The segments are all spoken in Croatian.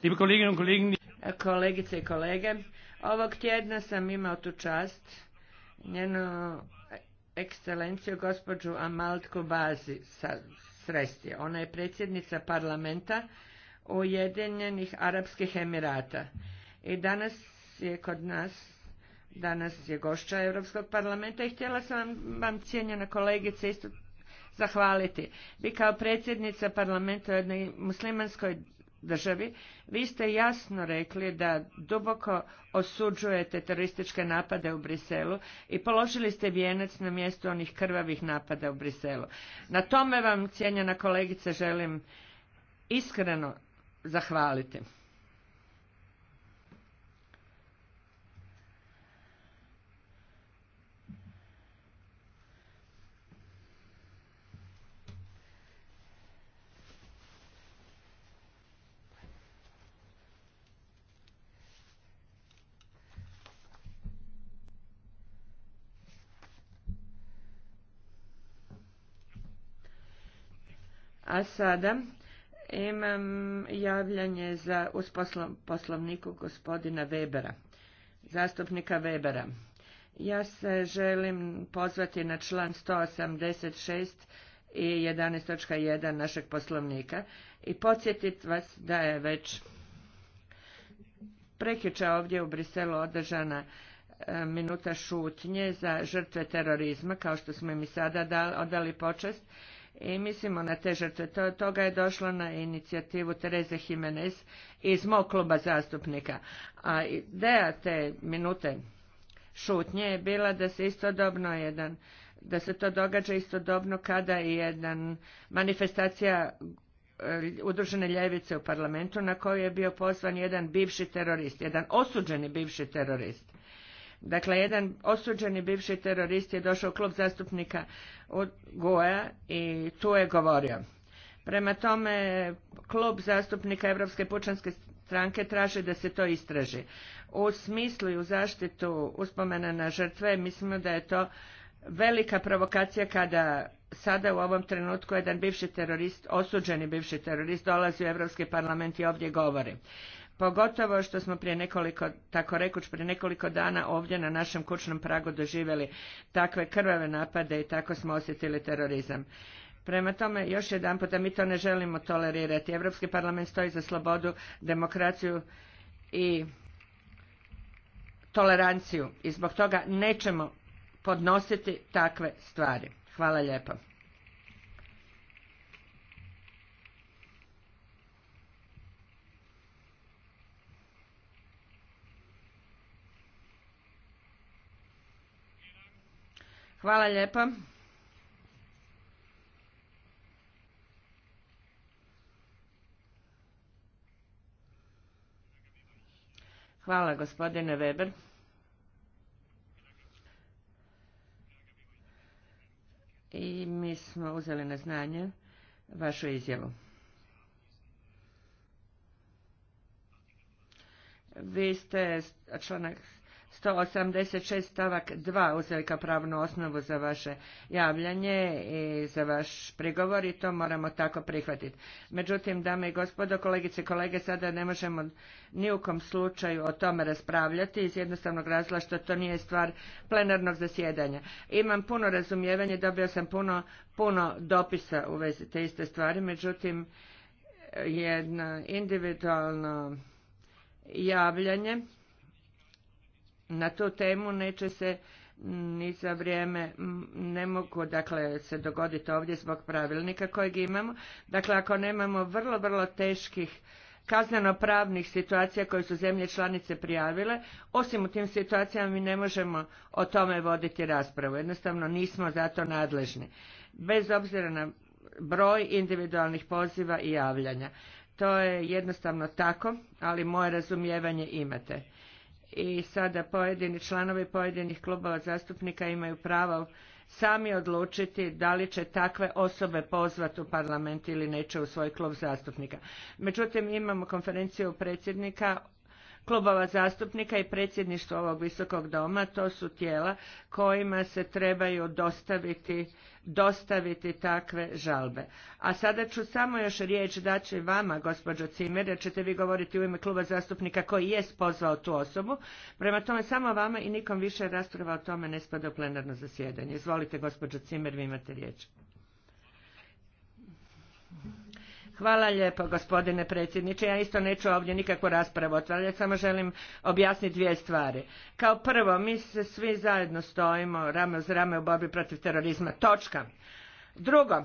Liebe Kolleginnen kolegice i kolege, ovog tjedna sam imao tu čast njenu ekscelenciju gospođu Amaltku Bazi sresti. Ona je predsjednica parlamenta Ujedinjenih Arapskih Emirata. I danas je kod nas, danas je gošća Europskog parlamenta i htjela sam vam, cijenjena kolegice isto zahvaliti. Vi kao predsjednica parlamenta u jednoj muslimanskoj državi, vi ste jasno rekli da duboko osuđujete terorističke napade u Briselu i položili ste vijenac na mjesto onih krvavih napada u Briselu. Na tome vam, cijenjena kolegice, želim iskreno zahvaliti. A sada imam javljanje za uz poslovniku gospodina Webera, zastupnika Webera. Ja se želim pozvati na član 186 i 11.1 našeg poslovnika i podsjetiti vas da je već prekjučer ovdje u Briselu održana e, minuta šutnje za žrtve terorizma, kao što smo im i sada odali počest, i mislimo na te žrtve. To, toga je došlo na inicijativu Tereze Jimenez iz mog kluba zastupnika. A ideja te minute šutnje je bila da se istodobno jedan da se to događa istodobno kada je jedan manifestacija e, udružene ljevice u parlamentu na koju je bio pozvan jedan bivši terorist, jedan osuđeni bivši terorist. Dakle, jedan osuđeni bivši terorist je došao u klub zastupnika od Goja i tu je govorio. Prema tome, klub zastupnika Europske pučanske stranke traži da se to istraži. U smislu i u zaštitu uspomena na žrtve mislimo da je to velika provokacija kada sada u ovom trenutku jedan bivši terorist, osuđeni bivši terorist dolazi u Evropski parlament i ovdje govori. Pogotovo što smo prije nekoliko, tako rekuć, prije nekoliko dana ovdje na našem kućnom pragu doživjeli takve krvave napade i tako smo osjetili terorizam. Prema tome, još jedan da mi to ne želimo tolerirati. Europski parlament stoji za slobodu, demokraciju i toleranciju i zbog toga nećemo podnositi takve stvari. Hvala lijepo. Hvala lijepa. Hvala gospodine Weber. I mi smo uzeli na znanje vašu izjavu. Vi ste članak 186 stavak 2 uzeli kao pravnu osnovu za vaše javljanje i za vaš prigovor i to moramo tako prihvatiti. Međutim, dame i gospodo, kolegice i kolege, sada ne možemo ni u kom slučaju o tome raspravljati iz jednostavnog razloga što to nije stvar plenarnog zasjedanja. Imam puno razumijevanja, dobio sam puno, puno dopisa u vezi te iste stvari, međutim, jedno individualno javljanje na tu temu neće se ni za vrijeme ne mogu dakle se dogoditi ovdje zbog pravilnika kojeg imamo. Dakle, ako nemamo vrlo, vrlo teških kazneno-pravnih situacija koje su zemlje članice prijavile, osim u tim situacijama mi ne možemo o tome voditi raspravu. Jednostavno nismo za to nadležni. Bez obzira na broj individualnih poziva i javljanja. To je jednostavno tako, ali moje razumijevanje imate i sada pojedini članovi pojedinih klubova zastupnika imaju pravo sami odlučiti da li će takve osobe pozvati u parlament ili neće u svoj klub zastupnika. Međutim, imamo konferenciju predsjednika klubova zastupnika i predsjedništvo ovog visokog doma, to su tijela kojima se trebaju dostaviti, dostaviti takve žalbe. A sada ću samo još riječ daći vama, gospođo Cimer, jer ćete vi govoriti u ime kluba zastupnika koji je pozvao tu osobu. Prema tome samo vama i nikom više rasprava o tome ne spada u plenarno zasjedanje. Izvolite, gospođo Cimer, vi imate riječ. Hvala lijepo gospodine predsjedniče. Ja isto neću ovdje nikakvu raspravu otvarati, samo želim objasniti dvije stvari. Kao prvo, mi se svi zajedno stojimo rame uz rame u borbi protiv terorizma. Točka. Drugo,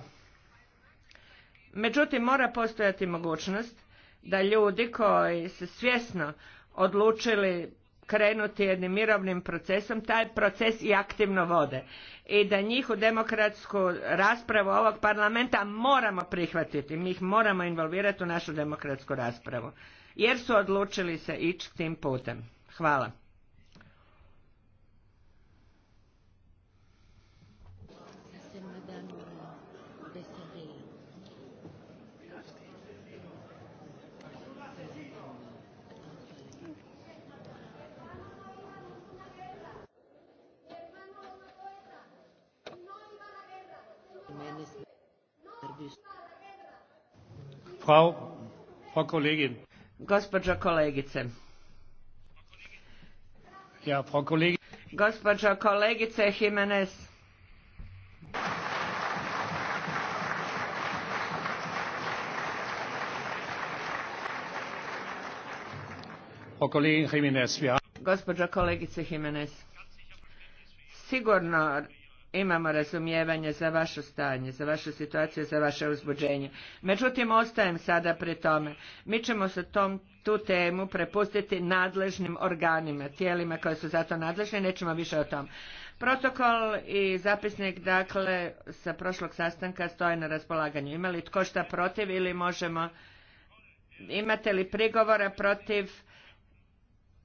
međutim mora postojati mogućnost da ljudi koji se svjesno odlučili krenuti jednim mirovnim procesom, taj proces i aktivno vode. I da njih u demokratsku raspravu ovog parlamenta moramo prihvatiti. Mi ih moramo involvirati u našu demokratsku raspravu. Jer su odlučili se ići tim putem. Hvala. Frau, Frau Kollegin. Gospođo kolegice. Ja, Frau Kollegin. Gospođo kolegice Jimenez. Jimenez, ja. Gospođo kolegice Jimenez, sigurno imamo razumijevanje za vaše stanje, za vašu situaciju, za vaše uzbuđenje. Međutim, ostajem sada pri tome. Mi ćemo se tom, tu temu prepustiti nadležnim organima, tijelima koje su za to nadležne, nećemo više o tom. Protokol i zapisnik, dakle, sa prošlog sastanka stoje na raspolaganju. Ima li tko šta protiv ili možemo... Imate li prigovora protiv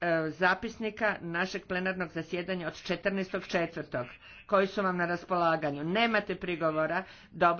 E, zapisnika našeg plenarnog zasjedanja od 14.4. koji su vam na raspolaganju. Nemate prigovora, dobro.